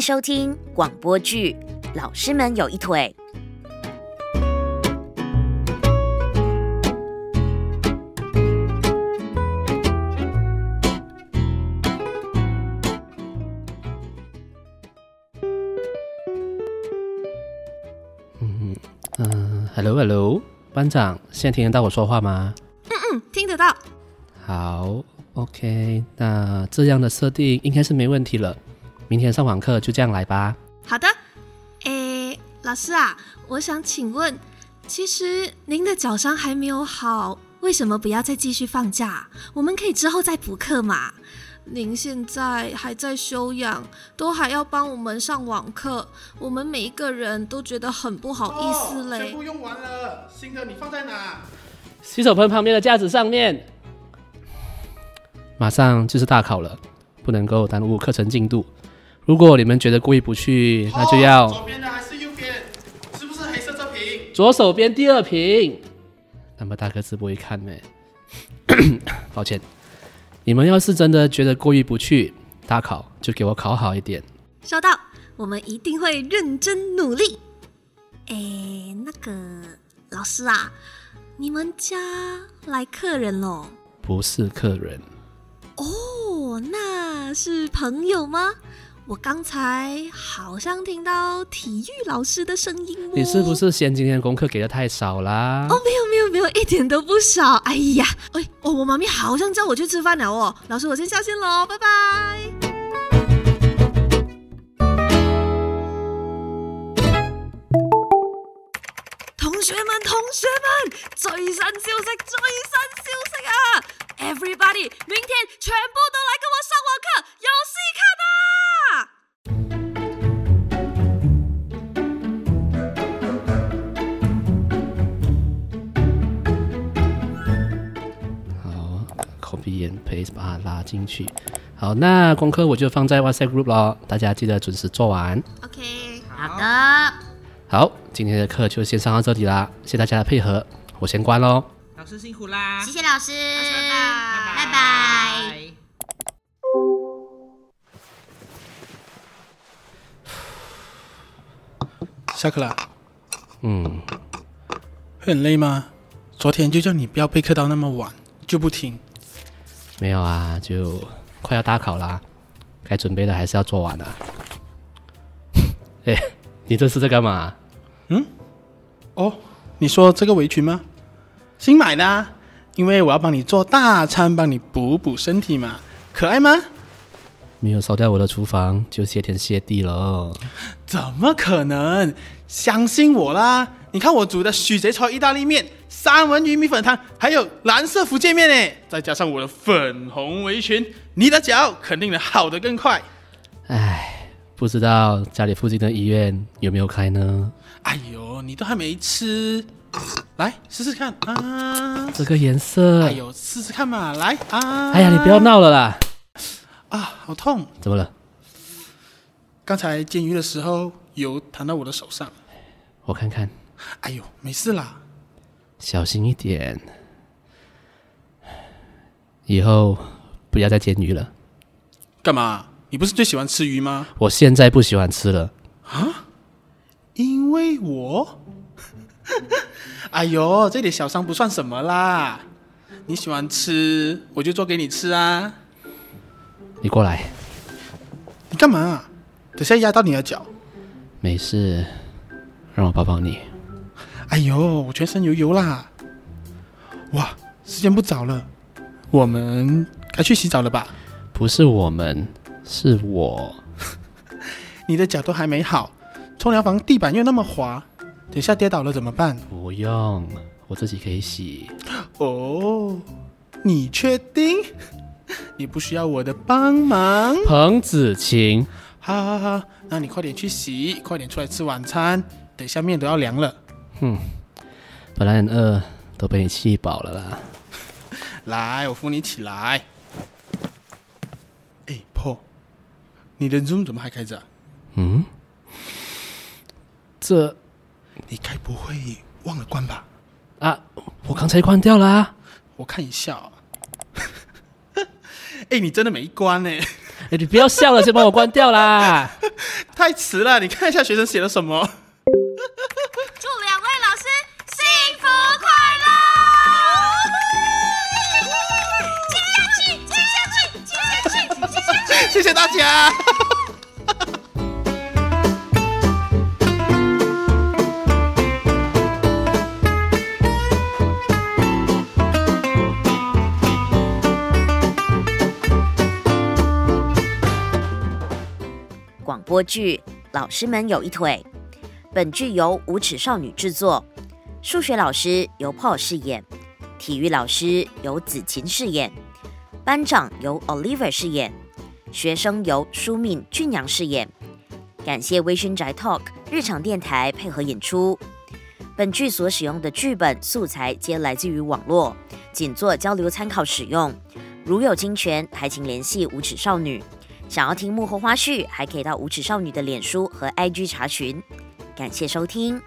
收聽廣播劇《老師們有一腿》嗯。嗯、呃、嗯 Hello Hello，班長，現在聽得到我說話嗎？嗯嗯，聽得到。好，OK，那這樣的設定應該是沒問題了。明天上網課就這樣來吧。好的，誒、欸，老師啊，我想請問，其實您的腳傷還沒有好，為什麼不要再繼續放假？我們可以之後再補課嘛？您現在還在休養，都還要幫我們上網課，我們每一個人都覺得很不好意思嘞，、哦。全部用完了，新的你放在哪？洗手盆旁邊的架子上面。馬上就是大考了，不能夠耽誤課程進度。如果你們覺得過意不去，那就要左邊的還是右邊？是不是黑色這瓶？左手邊第二瓶。那麼大個字不會看呢？ 抱歉，你們要是真的覺得過意不去，大考就給我考好一點。收到，我們一定會認真努力。哎，那個老師啊，你們家來客人咯？不是客人。哦，那是朋友嗎？我剛才好像聽到體育老師的聲音。哦。你是不是嫌今天功課給的太少啦？哦，沒有沒有沒有，一點都不少。哎呀，哎，我、哦、我媽咪好像叫我去吃飯了哦。老師，我先下線嘍，拜拜。同學們，同學們，最新消息。please 把它拉進去。好，那功課我就放在 WhatsApp Group 咯。大家記得準時做完。OK，好的。好，今天的課就先上到這裡啦，謝謝大家的配合，我先關嘍。老師辛苦啦，謝謝老師。老師拜拜拜拜。下課啦。嗯。會很累嗎？昨天就叫你不要備課到那麼晚，就不聽。沒有啊，就快要大考啦。該準備的還是要做完的。哎， 你這是在幹嘛？嗯？哦，你說這個圍裙嗎？新買的啊，因為我要幫你做大餐，幫你補補身體嘛。可愛嗎？沒有燒掉我的廚房，就謝天謝地了。怎麼可能？相信我啦。你看我煮的許賊超意大利麵、三文魚米粉湯，還有藍色福建麵呢，再加上我的粉紅圍裙，你的腳肯定能好得更快。哎，不知道家裡附近的醫院有沒有開呢？哎呦，你都還沒吃，來試試看啊！這個顏色，哎呦，試試看嘛，來啊！哎呀，你不要鬧了啦！啊，好痛，怎麼了？剛才煎魚的時候油彈到我的手上，我看看。哎呦，沒事啦，小心一點。以後不要再煎魚了。幹嘛？你不是最喜歡吃魚嗎？我現在不喜歡吃了。啊？因為我…… 哎呦，這點小傷不算什麼啦。你喜歡吃，我就做給你吃啊。你過來。你幹嘛？等下壓到你的腳。沒事，讓我抱抱你。哎呦，我全身油油啦！哇，時間不早了，我們該去洗澡了吧？不是我們，是我。 你的腳都還沒好，沖涼房地板又那麼滑，等下跌倒了怎麼辦？不用，我自己可以洗。哦、oh，你確定？ 你不需要我的幫忙？彭子晴，好好好， 那你快點去洗，快點出來吃晚餐，等下麵都要涼了。嗯，本來很餓，都被你氣飽了啦。來，我扶你起來。哎、欸，Paul，你的 Zoom 怎麼還開着？嗯？這，你該不會忘了關吧？啊，我剛才關掉啦、啊，我看一下、啊。哎、 欸，你真的沒關呢、欸。哎、欸，你不要笑了， 先幫我關掉啦。太遲了，你看一下學生寫了什麼。廣播劇《老師們有一腿》，本劇由無尺少女製作，數學老師由 Paul 飾演，體育老師由梓勤飾演，班長由 Oliver 飾演。學生由舒敏、俊仰飾演，感謝微醺宅 Talk 日常電台配合演出。本劇所使用的劇本素材皆來自於網絡，僅做交流參考使用。如有侵權，還請聯繫無尺少女。想要聽幕後花絮，還可以到無尺少女的臉書和 IG 查詢。感謝收聽。